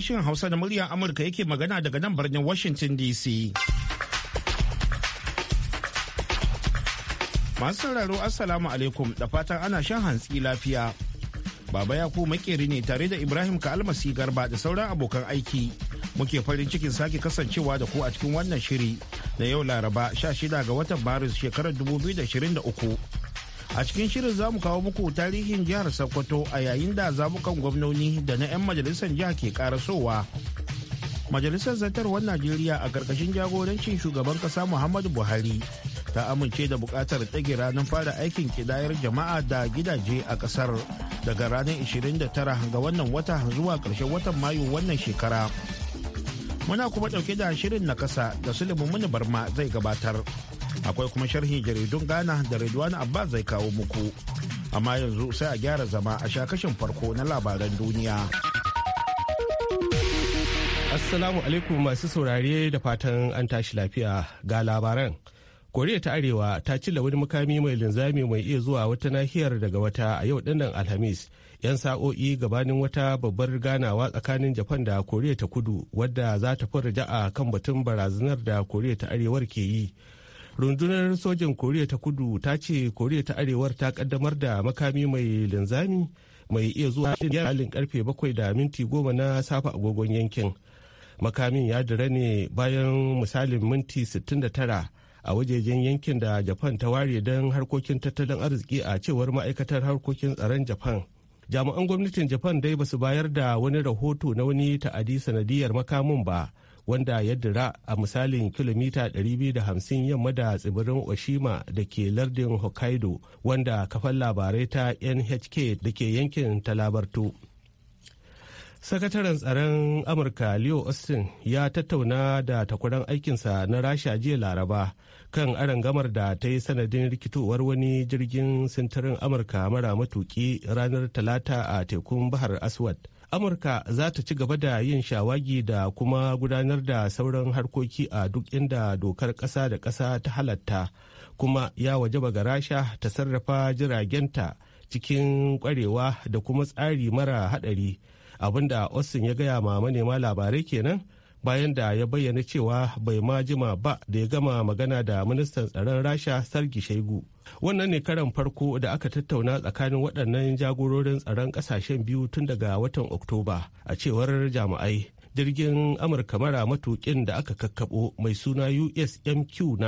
sashen Hausa na muryar Amurka yake magana daga nan birnin Washington DC. Masu sauraro Assalamu alaikum da fatan ana shan hantsi lafiya. Baba Yakubu makeri ne tare da Ibrahim ka'almasi Garba da sauran abokan aiki. Muke farin cikin sake kasancewa da ku a cikin wannan shiri na yau Laraba 16 ga watan Maris shekarar 2023. a cikin shirin za mu kawo muku tarihin jihar sokoto a yayin da zabukan gwamnoni da na 'yan majalisar jiha ke karasowa majalisar zartarwar najeriya a karkashin jagorancin shugaban kasa muhammadu buhari ta amince da bukatar tsage ranar fara aikin kidayar jama'a da gidaje a kasar daga ranar 29 ga wannan wata zuwa karshen watan mayu wannan shekara muna kuma dauke da shirin na kasa da sulimin muni barma zai gabatar akwai kuma sharhin jaridun ghana da redwan abbas zai kawo muku amma yanzu sai a gyara zama a sha kashin farko na labaran duniya assalamu alaikum masu saurare da fatan an tashi lafiya ga labaran koriya ta arewa ta cilla wani mukami mai linzami mai iya zuwa wata nahiyar daga wata a yau dinnan alhamis yan sa'o'i gabanin wata babbar ganawa tsakanin japan da koriya ta kudu wadda za ta fi ja'a kan batun barazanar da koriya ta arewar ke yi rundunar sojin koriya ta kudu ta ce koriya ta arewar ta kaddamar da makami mai linzami mai iya zuwa halin karfe bakwai da minti goma na safa agogon yankin makamin ya dira ne bayan misalin minti 69 a wajejen yankin da japan ta ware don harkokin tattalin arziki a cewar ma'aikatar harkokin tsaron japan jami'an gwamnatin japan dai basu bayar da wani rahoto na wani ta'adi sanadiyar makamin ba wanda ya dira a misalin kilomita 250 yamma da tsibirin oshima da ke lardin hokkaido wanda kafan labarai ta nhk da ke yankin talabarto sakataren tsaron amurka leo austin ya tattauna da takwaran aikinsa na rasha jiya laraba kan gamar da ta yi sanadin rikitowar wani jirgin sintirin amurka mara matuki ranar talata a tekun bahar aswad amurka za ta ci gaba da yin shawagi da kuma gudanar da sauran harkoki a duk inda dokar ƙasa da ƙasa ta halatta kuma ya wajaba ga rasha ta sarrafa jiragenta cikin kwarewa da kuma tsari mara haɗari abinda austin ya gaya ma manema labarai kenan bayan da ya bayyana cewa bai ma jima ba da ya gama magana da ministan tsaron rasha sargi shaigu wannan ne karan farko da aka tattauna tsakanin waɗannan jagororin tsaron ƙasashen biyu tun daga watan oktoba a cewar jami'ai jirgin amurka mara matukin da aka kakkabo mai suna usmq9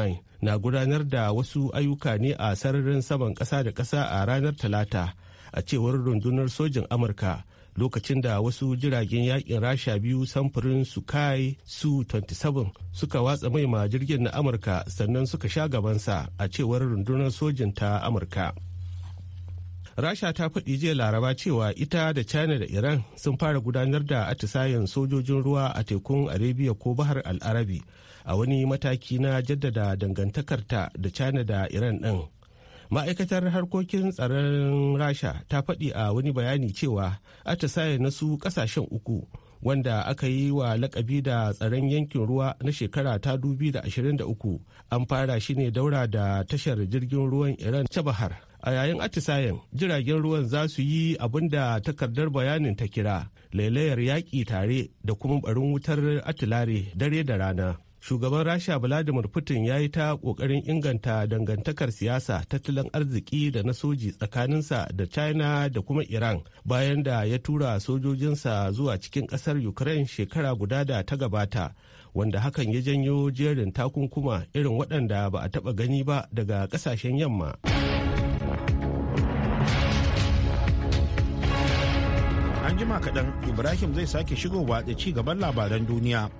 na gudanar da wasu ayyuka ne a sararin saman ƙasa da ƙasa a ranar talata a cewar rundunar sojin amurka lokacin da wasu jiragen yakin rasha biyu samfurin sukai su 27 suka watsa mai ma jirgin na amurka sannan suka sha gabansa a cewar rundunar sojin ta amurka rasha ta faɗi jiya laraba cewa ita da china da iran sun fara gudanar da atisayen sojojin ruwa a tekun arabia ko bahar al'arabi a wani mataki na jaddada dangantakarta da china da iran ɗin ma'aikatar harkokin tsaron rasha ta faɗi a wani bayani cewa atisaye na su ƙasashen uku wanda aka yi wa lakabi da tsaron yankin ruwa na shekara ta 2023 an fara shi ne daura da tashar jirgin ruwan iran ta bahar a yayin atisayen jiragen ruwan za su yi abin da takardar bayanin ta kira lailayar yaƙi tare da kuma barin wutar atilare dare da rana shugaban rasha vladimir putin ya yi ta kokarin inganta dangantakar siyasa tattalin arziki da na soji tsakaninsa da china da kuma iran bayan da ya tura sojojinsa zuwa cikin kasar ukraine shekara guda da ta gabata wanda hakan ya janyo jerin takunkuma irin waɗanda ba a taɓa gani ba daga ƙasashen yamma. an jima kaɗan ibrahim zai sake shigowa da ci gaban labaran duniya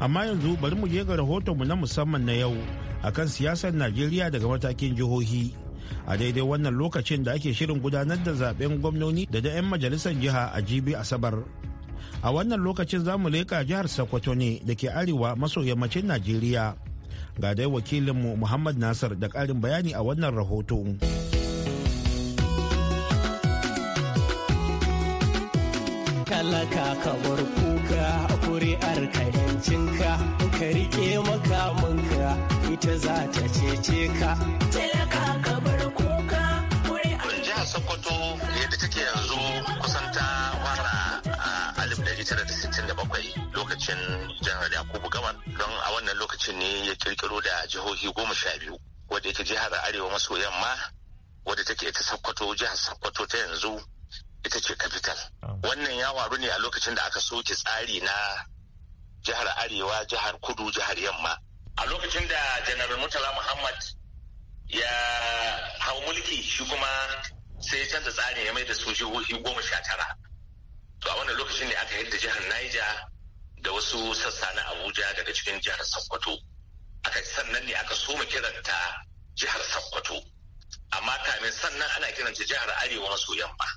amma yanzu bari mu je ga rahotonmu na musamman na yau akan siyasar najeriya daga matakin jihohi a daidai wannan lokacin da ake shirin gudanar da zaben gwamnoni da da 'yan majalisar jiha a jibi asabar a wannan lokacin za mu leka jihar sokoto ne da ke arewa maso yammacin najeriya ga dai wakilinmu muhammad nasir da ƙarin bayani a wannan rahoton. talaka ka bar kuka kuri'ar ka yancinka ka rike makamanka ita za ta cece ka talaka ka bar kuka kuri'ar jihar sokoto yadda take yanzu kusan ta fara a 1967 lokacin jihar yakubu gaban don a wannan lokacin ne ya kirkiro da jihohi goma sha biyu wadda yake jihar arewa maso yamma wadda take ita sokoto jihar sokoto ta yanzu ita ce capital ah. wannan ya waru ne a lokacin da aka soke tsari na jihar arewa jihar kudu jihar yamma a lokacin da janar murtala muhammad ya hau mulki shi kuma sai canza tsarin ya mai da su jihohi goma sha tara to a wannan lokacin ne aka yadda jihar niger da wasu sassa na abuja daga cikin jihar sokoto aka sannan ne aka soma kiranta jihar sokoto amma kamin sannan ana kiranta jihar arewa maso yamma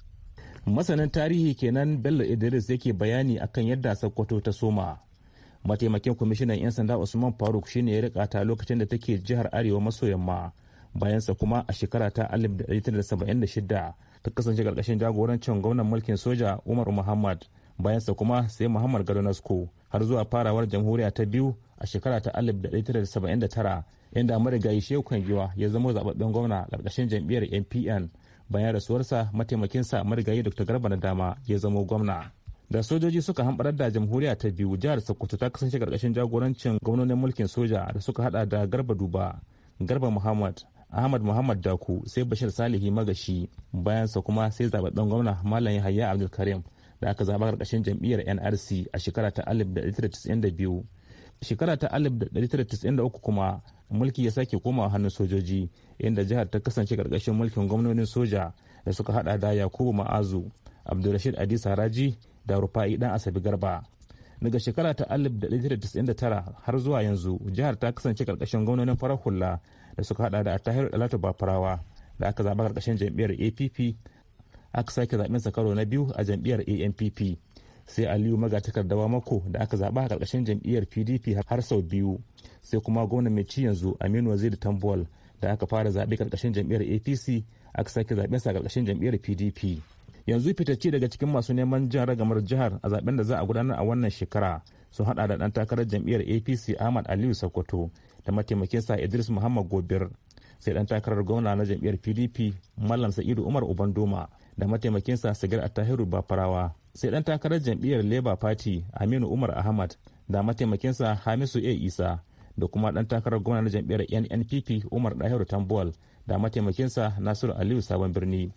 masanin tarihi kenan bello idris yake bayani akan yadda sokoto ta soma mataimakin kwamishinan 'yan sanda usman faruk shine ya rika ta lokacin da take jihar arewa maso yamma bayansa kuma a shekara ta 1976 ta kasance karkashin jagorancin gwamnan mulkin soja umar muhammad bayansa kuma sai muhammad gado nasko har zuwa farawar jamhuriya ta biyu a shekara ta 1979 inda marigayi shehu giwa ya zama zababben gwamna karkashin jam'iyyar npn bayan rasuwarsa sa marigayi dr garba na dama ya zamo gwamna da sojoji suka hamɓarar da jamhuriya ta biyu jihar sokoto ta kasance karkashin jagorancin gwamnonin mulkin soja da suka hada da garba duba garba muhammad ahmad muhammad daku sai bashir salihi magashi bayansa kuma sai zababben gwamna malam yahaya abdulkarim da aka zaba karkashin jam'iyyar nrc a shekara ta 1992 shekara ta 1993 kuma mulki ya sake komawa hannun sojoji inda jihar ta kasance karkashin mulkin gwamnonin soja da suka hada da yakubu ma'azu abdulrashid adi saraji da rufa'i dan asabi garba daga shekara ta 1999 har zuwa yanzu jihar ta kasance karkashin gwamnonin farar hula da suka hada da attahiru dalatu bafarawa da aka zaba karkashin jam'iyyar app aka sake zaben sa na biyu a jam'iyyar ampp sai aliyu magatakardawa mako da aka zaba a karkashin jam'iyyar pdp har sau biyu sai kuma gwamna mai ci yanzu aminu waziri tambol da aka fara zaɓe karkashin jam'iyyar apc aka sake zaɓen sa karkashin jam'iyyar pdp yanzu fitacce daga cikin masu neman jin ragamar jihar a zaben da za a gudanar a wannan shekara sun hada da dan takarar jam'iyyar apc ahmad aliyu sokoto da mataimakinsa idris muhammad gobir sai dan takarar gwamna na jam'iyyar pdp mallam sa'idu umar ubandoma da mataimakinsa sigar tahiru bafarawa sai dan takarar jam'iyyar labour party aminu umar ahmad da mataimakinsa hamisu a isa da kuma dan takarar gwamna na jam'iyyar nnpp umar dahiru tambuwal da mataimakinsa nasiru aliyu sabon birni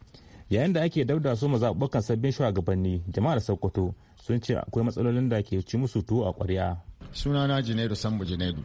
yayin da ake dauda su mazaɓuɓɓukan sabbin shugabanni jama'ar sokoto sun ce akwai matsalolin da ke ci musu tuwo a ƙwarya sunana janairu sambu junairu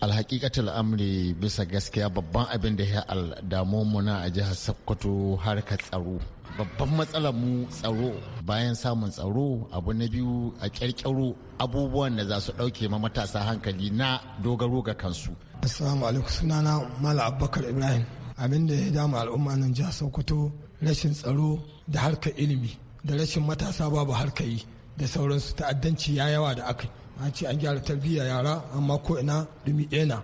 alhaƙiƙatar amri bisa gaskiya babban abin da ya damu mu na a jihar sokoto harkar tsaro babban matsalar mu tsaro bayan samun tsaro abu na biyu a kyarkyaro abubuwan da za su ɗauke ma matasa hankali na dogaro ga kansu assalamu alaikum sunana mala abubakar ibrahim abin da ya damu al'umma nan jihar sokoto rashin tsaro da harkar ilimi da rashin matasa babu harkar yi da sauransu ta'addanci ya yawa da aka yi an ce an gyara tarbiyya yara amma ko ina dumi ɗena.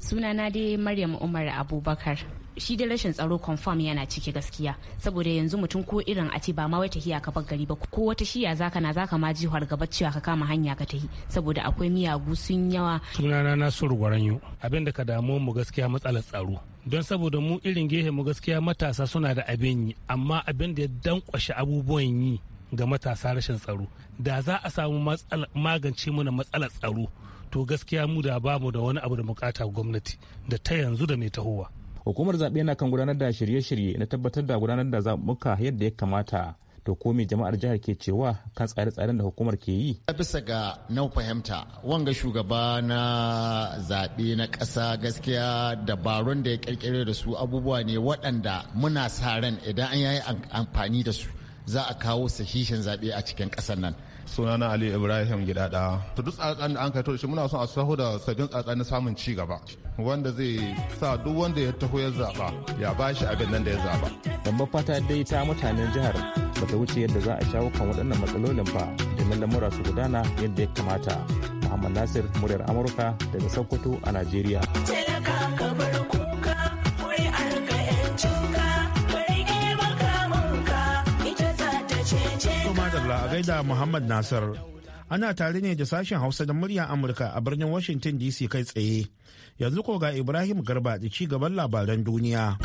sunana dai maryam umar abubakar shi dai rashin tsaro confirm yana ciki gaskiya saboda yanzu mutum ko irin a ce ba ma wai tahiya ka gari ba ko wata shiya zaka na zaka ma jihar gaba cewa ka kama hanya ka tahi saboda akwai miyagu sun yawa sunana nasiru gwaranyo abin da ka damu mu gaskiya matsalar tsaro don saboda mu irin gehe mu gaskiya matasa suna da abin yi amma abin da ya danƙwashe abubuwan yi ga matasa rashin tsaro da za a samu magance mana matsalar tsaro to gaskiya mu da ba mu da wani abu da bukata gwamnati da ta yanzu da mai tahowa hukumar zaɓe na kan gudanar da shirye-shirye na tabbatar da gudanar da zaɓuka yadda ya kamata to ko me jama'ar jihar ke cewa kan tsare-tsaren da hukumar ke yi bisa ga na fahimta wanga shugaba na zaɓe na ƙasa gaskiya dabarun da ya ƙirƙire da su abubuwa ne waɗanda muna sa ran idan an yi amfani da su za a kawo sahihin zaɓe a cikin ƙasar nan. sunana ali ibrahim gidada to duk tsatsan da an kai muna son a saho da sabbin tsatsan na samun ci gaba wanda zai sa duk wanda ya taho ya zaba ya ba shi abin nan da ya zaba dan fata dai ta mutanen jihar ba ta wuce yadda za a shawo kan waɗannan matsalolin ba domin lamura su gudana yadda ya kamata muhammad nasir muryar amurka daga sokoto a najeriya da Muhammad Nasir. Ana tare ne da sashen Hausa da murya Amurka a birnin Washington DC kai tsaye. Yanzu ko ga Ibrahim Garba da ci gaban labaran duniya.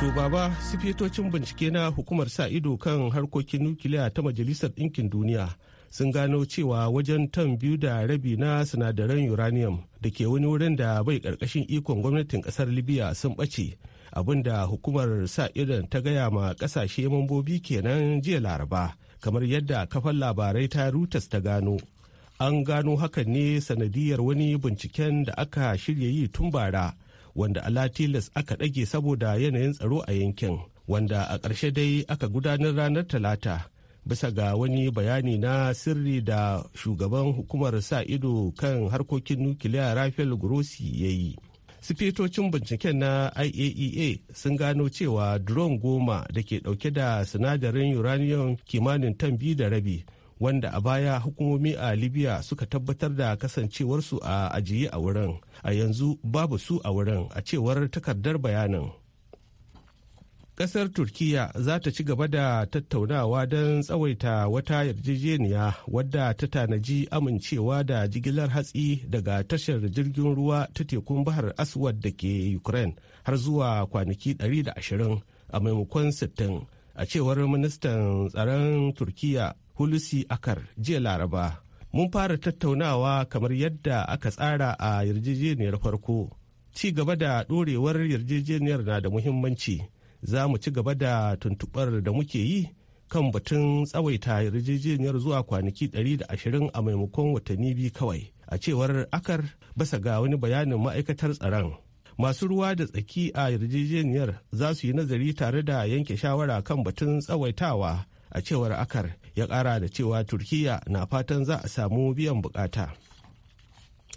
To baba sifitocin bincike na hukumar sa ido kan harkokin nukiliya ta Majalisar Ɗinkin Duniya sun gano cewa wajen tan biyu da rabi na sinadaran uranium da ke wani wurin da bai karkashin ikon gwamnatin kasar libya sun ɓace abinda hukumar sa idon ta gaya ma kasashe mambobi kenan jiya laraba kamar yadda kafar labarai ta rutas ta gano an gano hakan ne sanadiyar wani binciken da aka shirya yi tun bara wanda alatilas aka dage saboda yanayin tsaro a yankin wanda a ƙarshe dai aka gudanar ranar talata bisa ga wani bayani na sirri da shugaban hukumar sa ido kan harkokin nukiliya rafael grossi ya yi sifitocin binciken na iaea e sun gano cewa drone goma da ke dauke da sinadarin uranium kimanin tan biyu da rabi wanda a baya hukumomi a libya suka tabbatar da kasancewarsu a ajiye a wurin a yanzu babu su a wurin a cewar takardar bayanin Ƙasar turkiya za ta ci gaba da tattaunawa don tsawaita wata yarjejeniya wadda ta tanaji amincewa da jigilar hatsi daga tashar jirgin ruwa ta tekun bahar Aswad da ke Ukraine har zuwa kwanaki 120 a maimakon 60 a cewar ministan tsaron Turkiyya Hulusi Akar jiya Laraba. Mun fara tattaunawa kamar yadda aka tsara a yarjejeniyar farko. Ci gaba da ɗorewar yarjejeniyar na da muhimmanci. za mu ci gaba da tuntuɓar da muke yi kan batun tsawaita yarjejeniyar zuwa kwanaki 120 a maimakon watanni biyu kawai a cewar akar basa ga wani bayanin ma'aikatar tsaron masu ruwa da tsaki a yarjejeniyar za su yi nazari tare da yanke shawara kan batun tsawaitawa a cewar akar ya kara da cewa turkiya na fatan za a samu biyan bukata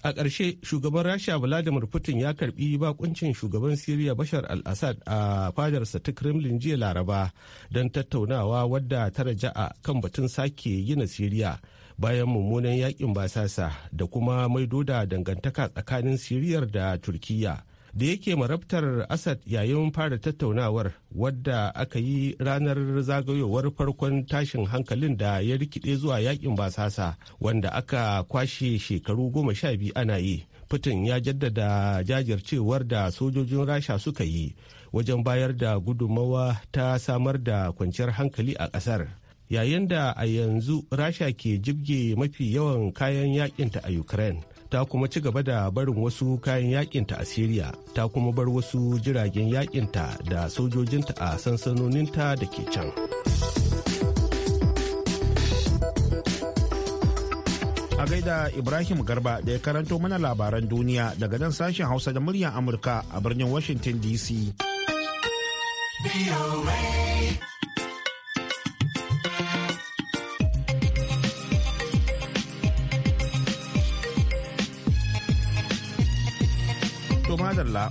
A ƙarshe shugaban Rasha Vladimir Putin ya karbi bakuncin shugaban Siriya Bashar al-Assad a fadarsa ta Kremlin jiya Laraba don tattaunawa wadda ta raja'a kan batun sake gina Siriya bayan mummunan yakin basasa da kuma maido da dangantaka tsakanin Siriyar da Turkiyya da yake marabtar asad yayin fara tattaunawar wadda aka yi ranar zagayowar farkon tashin hankalin da ya rikide zuwa yakin basasa wanda aka kwashe shekaru goma sha biyu ana yi. Putin ya jaddada jajircewar da sojojin Rasha suka yi wajen bayar da gudummawa ta samar da kwanciyar hankali a ƙasar. Yayin da a yanzu Rasha ke jibge mafi yawan kayan yakinta a Ukraine. ta kuma ci gaba da barin wasu kayan yakinta a syria ta kuma bar wasu jiragen yakinta da sojojinta a sansanoninta da ke can. A gaida Ibrahim Garba da ya karanto mana labaran duniya daga nan sashen Hausa da muryar Amurka a birnin Washington DC. madalla.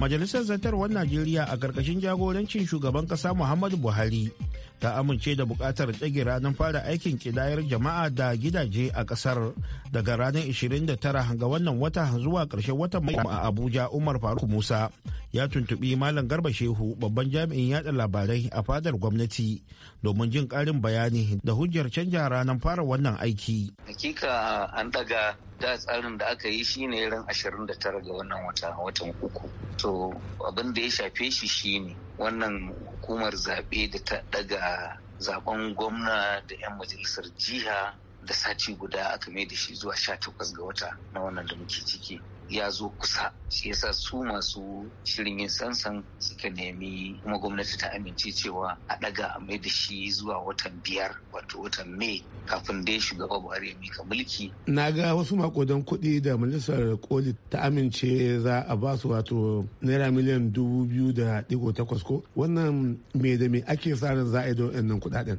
Majalisar Zartarwar Najeriya a ƙarƙashin jagorancin shugaban ƙasa Muhammadu Buhari ta amince da buƙatar tsage ranar fara aikin ƙidayar jama'a da gidaje a ƙasar daga ranar 29 ga wannan wata zuwa ƙarshen watan mai a Abuja Umar Faruk Musa ya tuntubi Malam Garba Shehu babban jami'in yada labarai a fadar gwamnati domin jin karin bayani da hujjar canja ranar fara wannan aiki. Hakika an daga da tsarin da aka yi shine ran 29 ga wannan wata watan uku. To abin da ya shafe shi shine wannan hukumar zaɓe da ta daga zaben gwamna da 'yan majalisar jiha da sati guda aka mai da shi zuwa 18 ga wata na wannan da muke ciki. ya zo kusa shi yasa su masu shirin yin sansan suka nemi kuma gwamnati ta amince cewa a daga a mai da shi zuwa watan biyar wato watan mai kafin dai shugaba buhari ya mika mulki na ga wasu makodan kuɗi da majalisar koli ta amince za a ba su wato naira miliyan dubu biyu da digo takwas ko wannan me da me ake sa ran za a yi don kuɗaɗen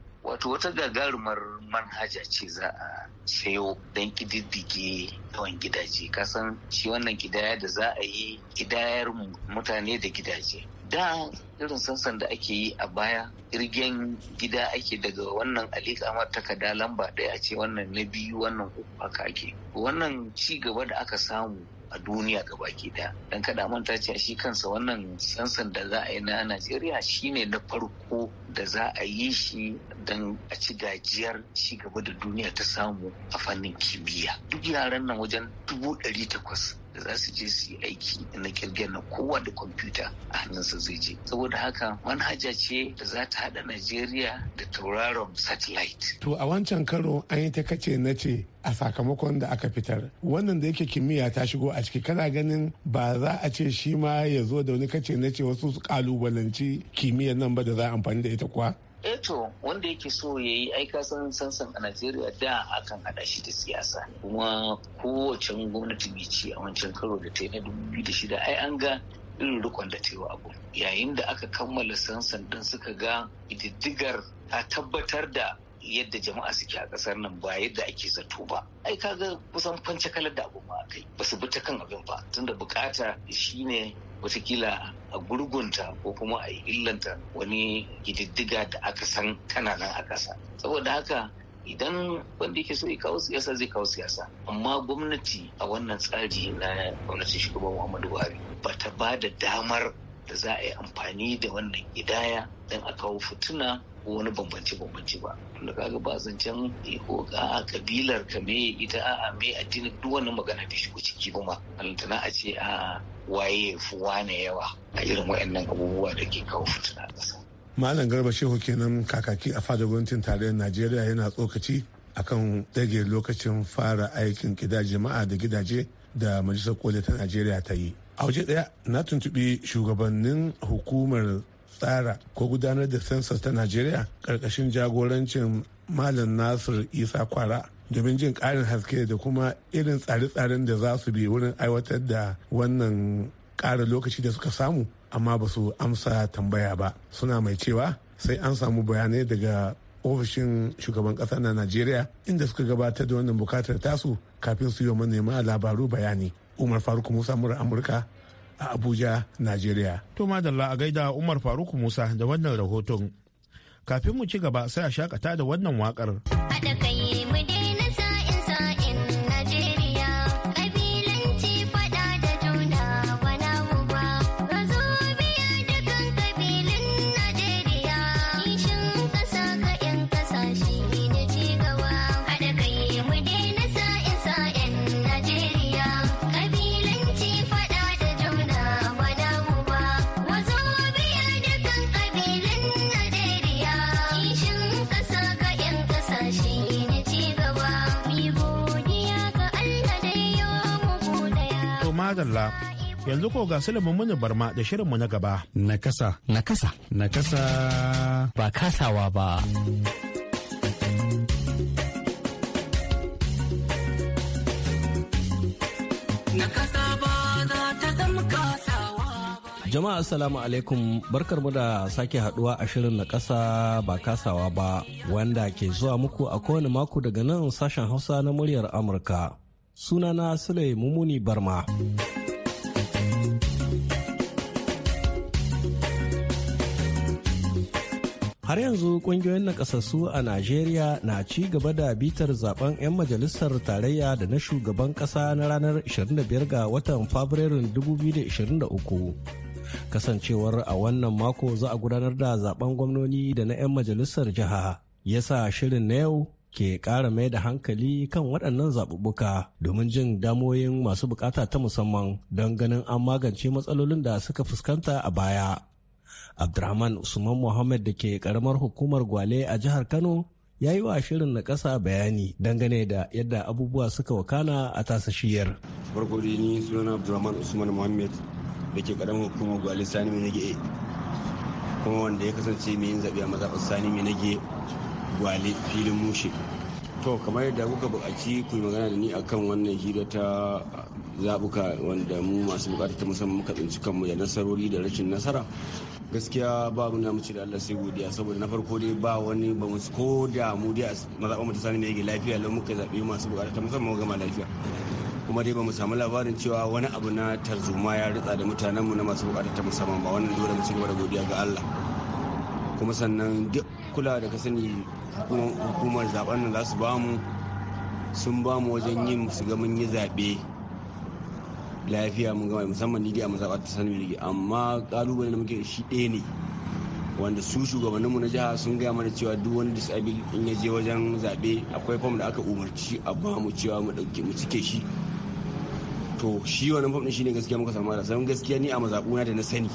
wato wata gagarumar manhaja ce za a sayo don kididdige yawan gidaje kasan shi wannan kidaya da za a yi kidayar mutane da gidaje da irin sansan da ake yi a baya irgen gida ake daga wannan alikamar takarda lamba ɗaya ce wannan na biyu wannan uku haka ake wannan ci gaba da aka samu a duniya gabaki daya dan kada manta cewa shi kansa wannan sansan da za a yi na Najeriya shine na farko da za a yi shi don a ci gajiyar ci gaba da duniya ta samu a fannin kimiyya duk yaran nan wajen dubu ɗari takwas da za su je su yi aiki na kirgen na kowa da kwamfuta a hannunsa zai je saboda haka manhaja ce da za ta hada najeriya da tauraron satellite to a wancan karo an yi ta kace na ce a sakamakon da aka fitar wannan da yake kimiyya ta shigo a ciki kana ganin ba za a ce shi ma ya zo da wani kace na ce wasu su kalubalanci kimiyyar nan ba da za a amfani da ita kuwa eto eh wanda yake so ya yi aika san sansan a najeriya da akan hada shi da siyasa kuma kowace gwamnati mai ci a wancan karo da ta yi na da shida, ai an ga irin rikon da ta yi wa abu yayin da aka kammala sansan din suka ga ididdigar ta tabbatar da yadda jama'a suke a kasar nan ba yadda ake zato ba ai kaga kusan kwance kalar da abun ma kai ba su bi ta kan abin ba tunda bukata shine watakila a gurgunta ko kuma a illanta wani gididdiga da aka san tana nan a kasa saboda haka idan wanda yake so ya kawo siyasa zai kawo siyasa amma gwamnati a wannan tsari na gwamnatin shugaban muhammadu buhari ba ta ba da damar da za a yi amfani da wannan idaya don a kawo fituna wani bambance bambance ba da kaga ba zancen eh, ko a kabilar ka me ita a me addini duk wannan magana bai shigo ciki ba ma alantana a ce a waye fuwa wane yawa a irin waɗannan abubuwa da ke kawo fitina a ƙasa. malam garba shehu kenan kakaki a fadar gwamnatin tarayyar najeriya yana tsokaci akan dage lokacin fara aikin gida jama'a da gidaje da majalisar koli ta najeriya ta yi a waje daya na tuntubi shugabannin hukumar tsara ko gudanar da sensus ta najeriya ƙarƙashin jagorancin malam nasir isa kwara domin jin ƙarin haske da kuma irin tsare-tsaren da za su bi wurin aiwatar da wannan ƙara lokaci da suka samu amma ba su amsa tambaya ba suna mai cewa sai an samu bayanai daga ofishin shugaban ƙasa na najeriya inda suka gabatar da wannan bukatar tasu kafin su yi wa manema labaru bayani umar faruk musa murar amurka a Abuja, Najeriya. To madalla a gaida Umar Faruk Musa da wannan rahoton. Kafin mu ci gaba sai a shakata da wannan waƙar. Haɗa kai madalla yanzu ko ga Suleiman Muni Barma da shirin mu na gaba. Nakasa. Nakasa. Nakasa. Ba kasawa ba. Jama'a Assalamu alaikum barkarmu da sake haduwa a shirin na kasa ba kasawa ba wanda ke zuwa muku a kowane mako daga nan sashen Hausa na muryar Amurka. sunana Sule Mumuni Barma. har yanzu kungiyoyin nakasassu a najeriya na ci gaba da bitar zaben 'yan majalisar tarayya da na shugaban kasa na ranar 25 ga watan fabrairun 2023 kasancewar a wannan mako za a gudanar da zaben gwamnoni da na 'yan majalisar jiha yasa shirin na yau ke kara mai da hankali kan waɗannan zaɓuɓɓuka domin jin damoyin masu bukata ta musamman don ganin an magance matsalolin da suka fuskanta a baya. Abdurrahman Usman Muhammad da ke ƙaramar hukumar Gwale a jihar Kano ya yi wa shirin na ƙasa bayani dangane da yadda abubuwa suka wakana a tasa shiyar. Farko dai ni sunana Usman mohammed da ke ƙaramar hukumar Gwale Sani Mai kuma wanda ya kasance mai yin zaɓe a mazaɓar Sani Mai Nage gwale filin mushe to kamar yadda kuka buƙaci ku yi magana da ni akan wannan hira ta zabuka wanda mu masu buƙatar ta musamman muka tsinci kanmu da nasarori da rashin nasara gaskiya ba mu na muci da Allah sai godiya saboda na farko dai ba wani ba mu ko da mu dai zaɓa mu ta sani mai lafiya lau muka zaɓi masu buƙatar ta musamman gama lafiya kuma dai ba mu samu labarin cewa wani abu na tarzoma ya ritsa da mutanenmu na masu buƙatar ta musamman ba wannan dole mu ci gaba da godiya ga Allah kuma sannan duk kula da ka sani hukumar zaben nan za su bamu sun bamu wajen yin su ga mun yi zaɓe lafiya mun gama musamman ni dai a mazaɓa ta sani mai amma ƙalubale da muke shi ɗaya ne wanda su shugabanninmu na jiha sun gaya mana cewa duk wani disabil in ya je wajen zaɓe akwai fam da aka umarci a ba mu cewa mu ɗauke mu cike shi to shi wannan fam ɗin shine gaskiya muka samu da gaskiya ni a mazaɓuna da na sani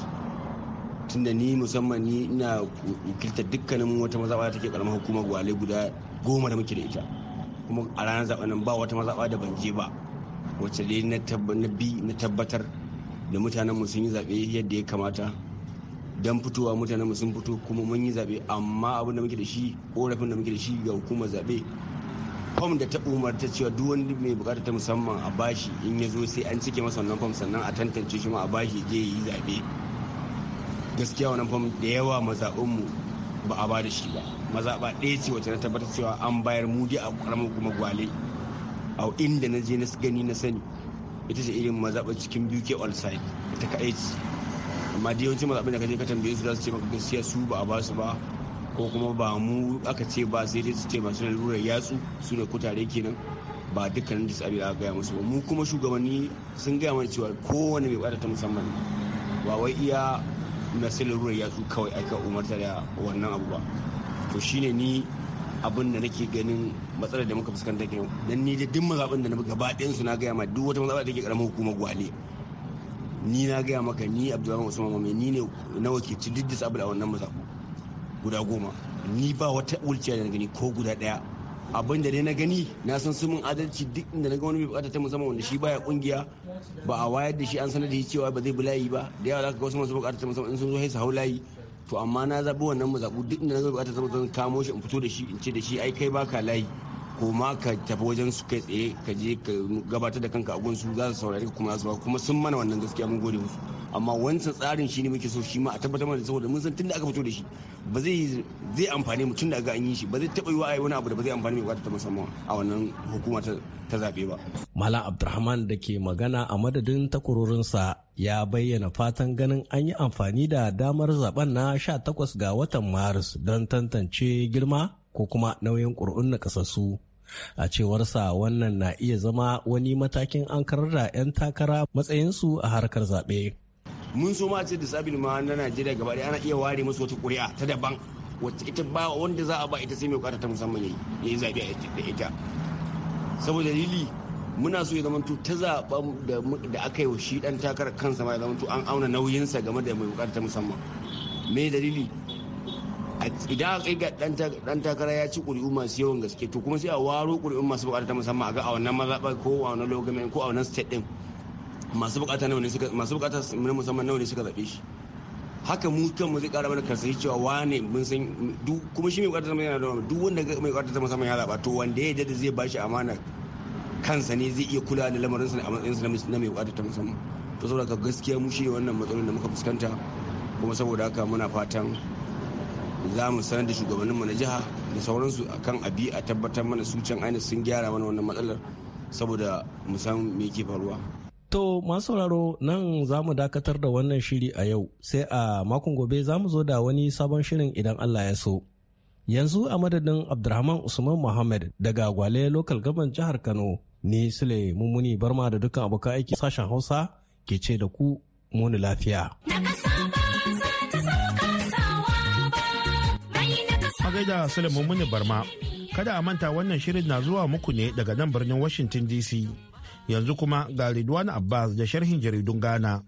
tunda ni musamman ni ina wakilta dukkanin wata mazaɓa da take karamar hukumar gwale guda goma da muke da ita kuma a ranar zaɓen nan ba wata mazaɓa da ban je ba wacce dai na bi na tabbatar da mutanenmu sun yi zaɓe yadda ya kamata don fitowa mutanenmu sun fito kuma mun yi zaɓe amma abin da muke da shi korafin da muke da shi ga hukuma zaɓe fom da ta umarta cewa duk wani mai bukata ta musamman a bashi in ya zo sai an cike masa wannan fom sannan a tantance shi ma a bashi je yi zaɓe gaskiya wannan fam da yawa mazaɓinmu ba a ba da shi ba mazaɓa ɗaya ce wacce na tabbatar cewa an bayar mu dai a ƙaramar kuma gwale a inda na je na gani na sani ita ce irin mazaɓa cikin buke all side ita ka ce amma da yawancin mazaɓin da kaje ka tambaye su za su ce maka gaskiya su ba a ba su ba ko kuma ba mu aka ce ba sai dai su ce masu lalurar yatsu su ne kutare kenan ba dukkanin disabi da aka gaya musu ba mu kuma shugabanni sun gaya mana cewa kowane mai bada ta musamman ba wai iya na ya yatsu kawai aka umarta da wannan abu ba to shine ni abin da nake ganin matsalar da muka fuskanta ke dan ni da duk mazaɓin da na gaba ɗayan su na gaya ma duk wata mazaɓa da ke ƙaramin hukumar gwale ni na gaya maka ni abdulrahman usman mai ni ne na wakilci duk da sabu da wannan mazaɓu guda goma ni ba wata wulciya da na gani ko guda ɗaya abin da dai na gani na san su mun adalci duk inda na ga wani mai bukata ta musamman wanda shi baya kungiya ba a wayar da shi an sanar da shi cewa ba zai bi layi ba da yawa zaka ga wasu masu bukata ta musamman in sun zo sai hau layi to amma na zabi wannan mazabu duk inda na ga bukata ta musamman kamo shi in fito da shi in ce da shi ai kai baka layi ko ma ka tafi wajen su kai tsaye ka je ka gabatar da kanka a su za su saurari ka kuma zuwa kuma sun mana wannan gaskiya mun gode musu amma wancan tsarin shi ne muke so shi ma a tabbatar mana saboda mun san tunda aka fito da shi ba zai zai amfane mu tunda aka an yi shi ba zai taba yi wa wani abu da ba zai amfane ba ta musamman a wannan hukuma ta zabe ba malam abdurrahman da ke magana a madadin takwarorinsa ya bayyana fatan ganin an yi amfani da damar zaben na 18 ga watan maris don tantance girma ko kuma nauyin ƙuri'un na kasassu a cewarsa wannan na iya zama wani matakin an karar da 'yan takara matsayinsu a harkar zaɓe. mun so ma ce da sabin ma na najeriya gaba ana iya ware musu wata kuri'a ta daban wacce ita ba wanda za a ba ita sai mai kwata ta musamman ya yi zaɓe da ita saboda lili muna so ya zamanto ta zaɓa da aka yi wa shi ɗan takarar kansa ma ya zamanto an auna nauyinsa game da mai bukata ta musamman me dalili idan aka ga dan takara ya ci ƙuri'u masu yawan gaske to kuma sai a waro ƙuri'un masu bukata ta musamman a ga a wannan mazaɓa ko a wannan logamen ko a wannan state din masu bukata nawa ne suka masu bukata na musamman nawa ne suka zaɓe shi haka mu kanmu zai kara mana karsashi cewa wane mun san duk kuma shi mai ta musamman yana da duk wanda mai bukata ta musamman ya zaɓa to wanda ya da zai bashi amana kansa ne zai iya kula da lamarinsa a matsayinsa na mai bukata ta musamman to saboda gaskiya mu shi wannan matsalolin da muka fuskanta kuma saboda haka muna fatan za mu sanar da shugabanninmu na jiha da sauransu akan abi a tabbatar mana su can ainihin sun gyara mana wannan matsalar saboda mu san me ke faruwa To masu sauraro nan za mu dakatar da wannan shiri a yau sai a makon gobe za mu zo da wani sabon shirin idan Allah ya so. Yanzu a madadin Abdulrahman Usman Muhammad daga Gwale Local Government Jihar Kano ni Sule Mummuni Barma da dukkan abokan aiki sashen Hausa ke ce da ku muni lafiya. da Sulaiman Muni Barma. Kada a manta wannan shirin na zuwa muku ne daga nan birnin Washington DC. Yanzu kuma ga Ridwan Abbas da sharhin jaridun Ghana.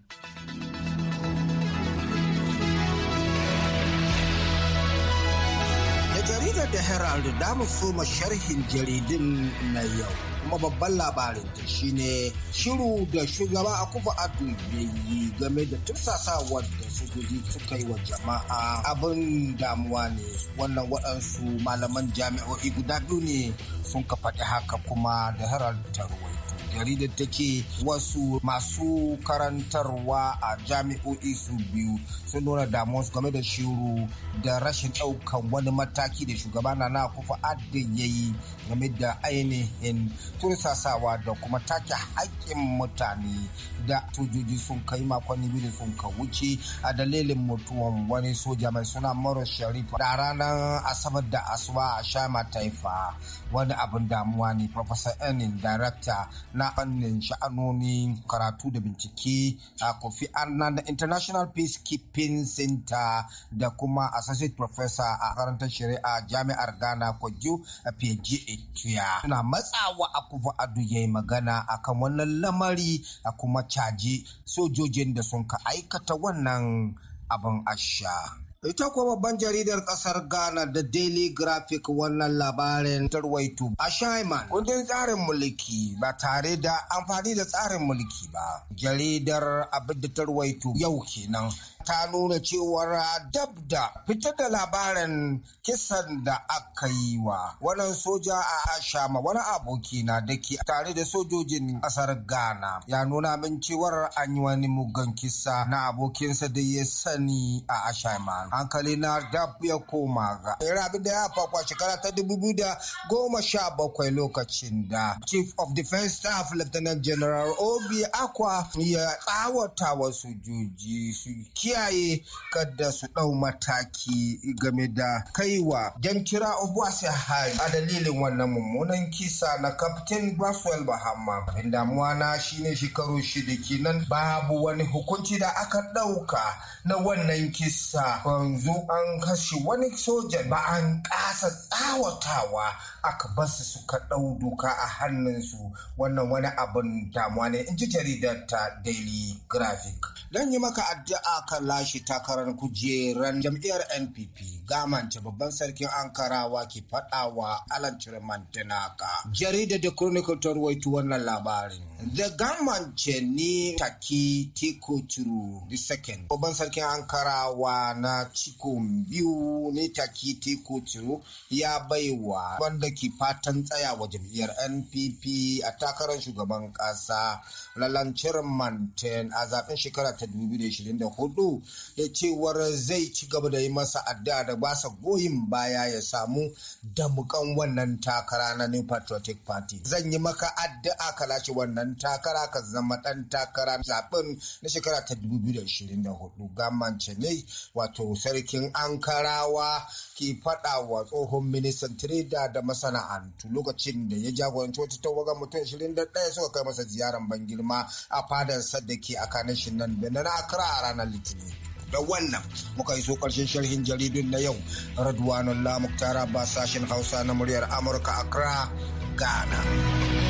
Herald da mu soma sharhin jaridin na yau. Kuma babban labarin ta shine shiru da shugaba a kufa adu yi game da tursasawar da sojoji suka yi wa jama'a abin damuwa ne. Wannan waɗansu malaman jami'o'i guda biyu ne sun ka faɗi haka kuma da Herald ta ruwai. jaridar take wasu masu karantarwa a jami'o'i su biyu sun nuna su game da shiru da rashin ɗaukan wani mataki da shugaba na na kufa addin ya yi game da ainihin tursasawa da kuma take haƙƙin mutane da sojoji sun kai makonni biyu da sun ka wuce a dalilin mutuwan wani soja mai suna Mara sharifa da ranar asabar da asuba a shama taifa wani abin damuwa ne professor enin director na fannin sha'anonin karatu da bincike a kofi annan da international peacekeeping center da kuma associate professor a karantar shari'a jami'ar ghana kwajo a pj etuya na matsawa a kufa adu ya yi magana akan wannan lamari a kuma caji sojojin da sun ka aikata wannan abin asha. Ita kuwa babban jaridar kasar Ghana da Daily Graphic wannan labarin tarwaitu a Shaiman kundin tsarin mulki ba tare da amfani da tsarin mulki ba. Jaridar abin da tarwaitu yau kenan ta nuna cewar dab da fitar da labarin kisan da aka yi wa wannan soja a Ashama wani aboki na da ke tare da sojojin kasar Ghana ya nuna min cewar an yi wani mugan kisa na abokinsa da ya sani a ashaman. hankali na da ya koma ga rabi da ya fakwa shekara ta dubu biyu da goma sha bakwai lokacin da chief of defense staff lieutenant general obi akwa ya tsawata wasu juji su kiyaye kada su ɗau mataki game da kaiwa jan kira obuasi hari a dalilin wannan mummunan kisa na captain Braswell Bahama. Abin damuwa na shine shekaru shida kenan babu wani hukunci da aka ɗauka na wannan kisa yanzu an kashe wani soja ba an ƙasa tsawatawa aka basu suka ɗau doka a hannunsu wannan wani abin damuwa ne in ji jaridar ta daily graphic don yi maka addu'a kan lashe takarar kujeran jam'iyyar npp gamance babban sarkin ankarawa ke faɗawa alan cire mantanaka jaridar da chronicle ta wannan labarin The government ni Taki Tiko Turu second. Oban Sarkin ankara wa na ciko biyu ne Taki Tiko Turu ya baiwa wanda ke fatan tsayawa jam'iyyar NPP a takarar shugaban ƙasa lalancin Manten a zafin shekara ta 2024 da cewar zai ci gaba da yi masa addu'a da basa goyin baya ya samu damukan wannan takara na New Patriotic Party. Zan yi maka addu'a ka wannan dan takara ka zama ɗan takara zaɓen na shekara ta 2024 gaman ne wato sarkin ankarawa ke fada wa tsohon ministan tireda da masana'antu lokacin da ya jagoranci wata tawagar mutum 21 suka kai masa ziyarar ban girma a fadarsa da ke a kanashin nan da na akra a ranar litinin da wannan muka iso karshen sharhin jaridun na yau radwanullah muktara ba sashen hausa na muryar amurka a accra ghana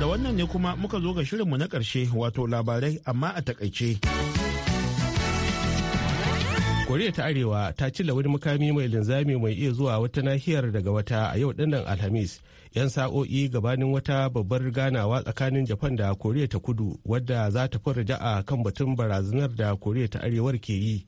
da wannan ne kuma muka zo ga shirinmu na ƙarshe wato labarai amma a takaice. koriya ta arewa ta cilla wani makami mai linzami mai iya zuwa wata nahiyar daga wata a yau dinnan alhamis yan sa'o'i gabanin wata babbar ganawa tsakanin japan da koriya ta kudu wadda za ta fi raja'a kan batun barazanar da koriya ta arewar ke yi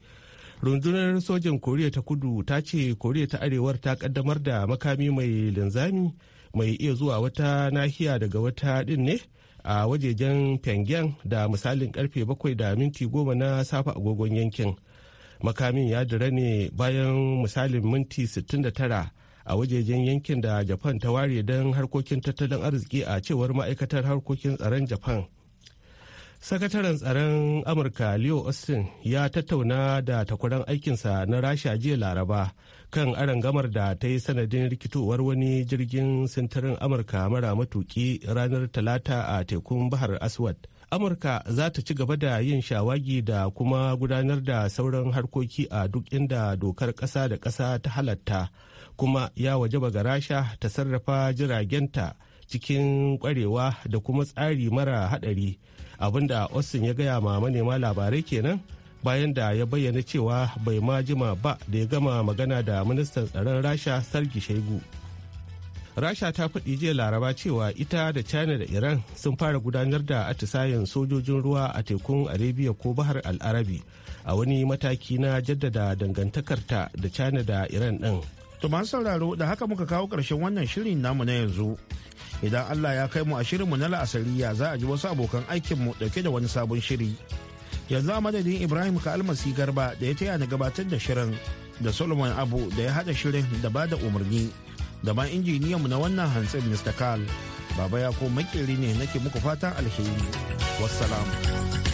rundunar sojin koriya ta kudu ta ce koriya ta arewar ta kaddamar da makami mai linzami mai iya zuwa wata nahiya daga wata din ne a wajejen pyongyang da misalin karfe bakwai da minti goma na safa agogon yankin makamin ya dira ne bayan misalin minti 69 a wajejen yankin da japan ta ware don harkokin tattalin arziki a cewar ma'aikatar harkokin tsaron japan sakataren tsaron amurka leo austin ya tattauna da takwaran aikinsa na rasha jiya laraba kan gamar da ta yi sanadin rikitowar wani jirgin sintirin amurka mara matuki ranar talata a tekun bahar aswad amurka za ta ci gaba da yin shawagi da kuma gudanar da sauran harkoki a duk inda dokar ƙasa da ƙasa ta halatta kuma ya wajaba ga rasha ta sarrafa jiragenta cikin kwarewa da kuma tsari mara haɗari da austin ya gaya ma manema labarai kenan bayan da ya bayyana cewa bai ma jima ba da ya gama magana da ministan tsaron rasha sargi shaigu rasha ta faɗi jiya laraba cewa ita da china da iran sun fara gudanar da atisayen sojojin ruwa a tekun arabia ko bahar al'arabi a wani mataki na jaddada dangantakarta da china da iran ɗin To sauraro da haka muka kawo ƙarshen wannan shirin namu na yanzu. Idan Allah ya kai mu a shirinmu na la'asariya za a ji wasu abokan aikinmu ɗauke da wani sabon shiri. Yanzu a madadin Ibrahim ka garba da ya taya ni gabatar da shirin da Solomon Abu da ya haɗa shirin da ba da umarni da ma injiniyanmu na wannan hantsin Mr. Kal. Baba ya ko makeri ne nake muku fatan alheri. Wassalamu.